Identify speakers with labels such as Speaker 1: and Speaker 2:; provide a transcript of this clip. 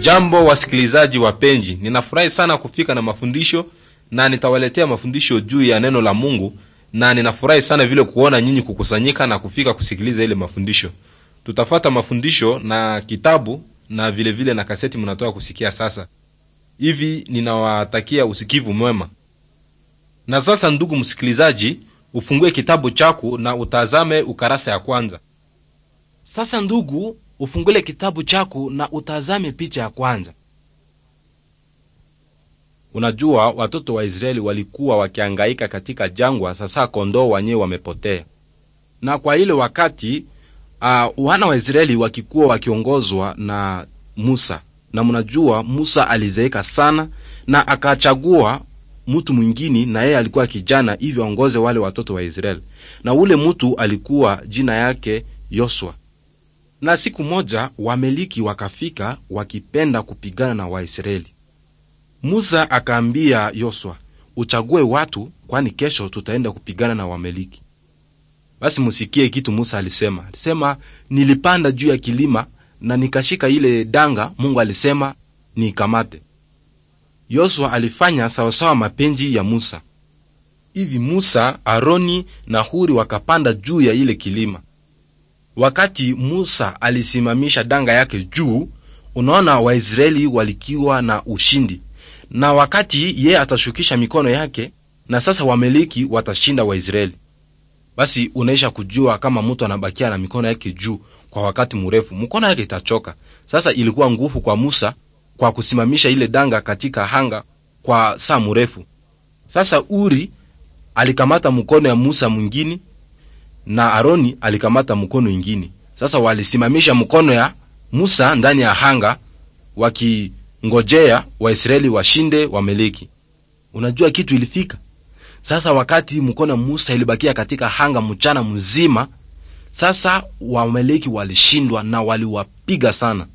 Speaker 1: Jambo wasikilizaji wapenzi, ninafurahi sana kufika na mafundisho na nitawaletea mafundisho juu ya neno la Mungu, na ninafurahi sana vile kuona nyinyi kukusanyika na kufika kusikiliza ile mafundisho. Tutafata mafundisho na kitabu na vilevile vile na kaseti mnatoka kusikia sasa hivi. Ninawatakia usikivu mwema. Na sasa, ndugu msikilizaji, ufungue kitabu chako na utazame ukarasa ya kwanza. Sasa ndugu, ufungule kitabu chako na utazame picha ya kwanza. Unajua, watoto wa Israeli walikuwa wakiangaika katika jangwa. Sasa kondoo wanyewe wamepotea, na kwa ile wakati uh, wana wa Israeli wakikuwa wakiongozwa na Musa, na mnajua Musa alizeeka sana na akachagua mtu mwingine, na yeye alikuwa kijana hivyo aongoze wale watoto wa Israeli, na ule mtu alikuwa jina yake Yosua. Na siku moja Wameliki wakafika wakipenda kupigana na Waisraeli. Musa akaambia Yoswa, uchague watu, kwani kesho tutaenda kupigana na Wameliki. Basi musikie kitu Musa alisema. Alisema, nilipanda juu ya kilima na nikashika ile danga Mungu alisema niikamate. Yoswa alifanya sawasawa mapenzi ya Musa. Hivi Musa, Aroni na Huri wakapanda juu ya ile kilima. Wakati Musa alisimamisha danga yake juu, unaona Waisraeli walikiwa na ushindi, na wakati yeye atashukisha mikono yake, na sasa Wameliki watashinda Waisraeli. Basi unaisha kujua kama mtu anabakia na mikono yake juu kwa wakati mrefu, mkono yake itachoka. Sasa ilikuwa nguvu kwa Musa kwa kusimamisha ile danga katika hanga kwa saa mrefu. Sasa Uri alikamata mkono ya Musa mwingine na Aroni alikamata mkono ingine. Sasa walisimamisha mkono ya Musa ndani ya hanga, wakingojea Waisraeli washinde Wameleki. Unajua kitu ilifika sasa, wakati mkono ya Musa ilibakia katika hanga mchana mzima, sasa Wameleki walishindwa na waliwapiga sana.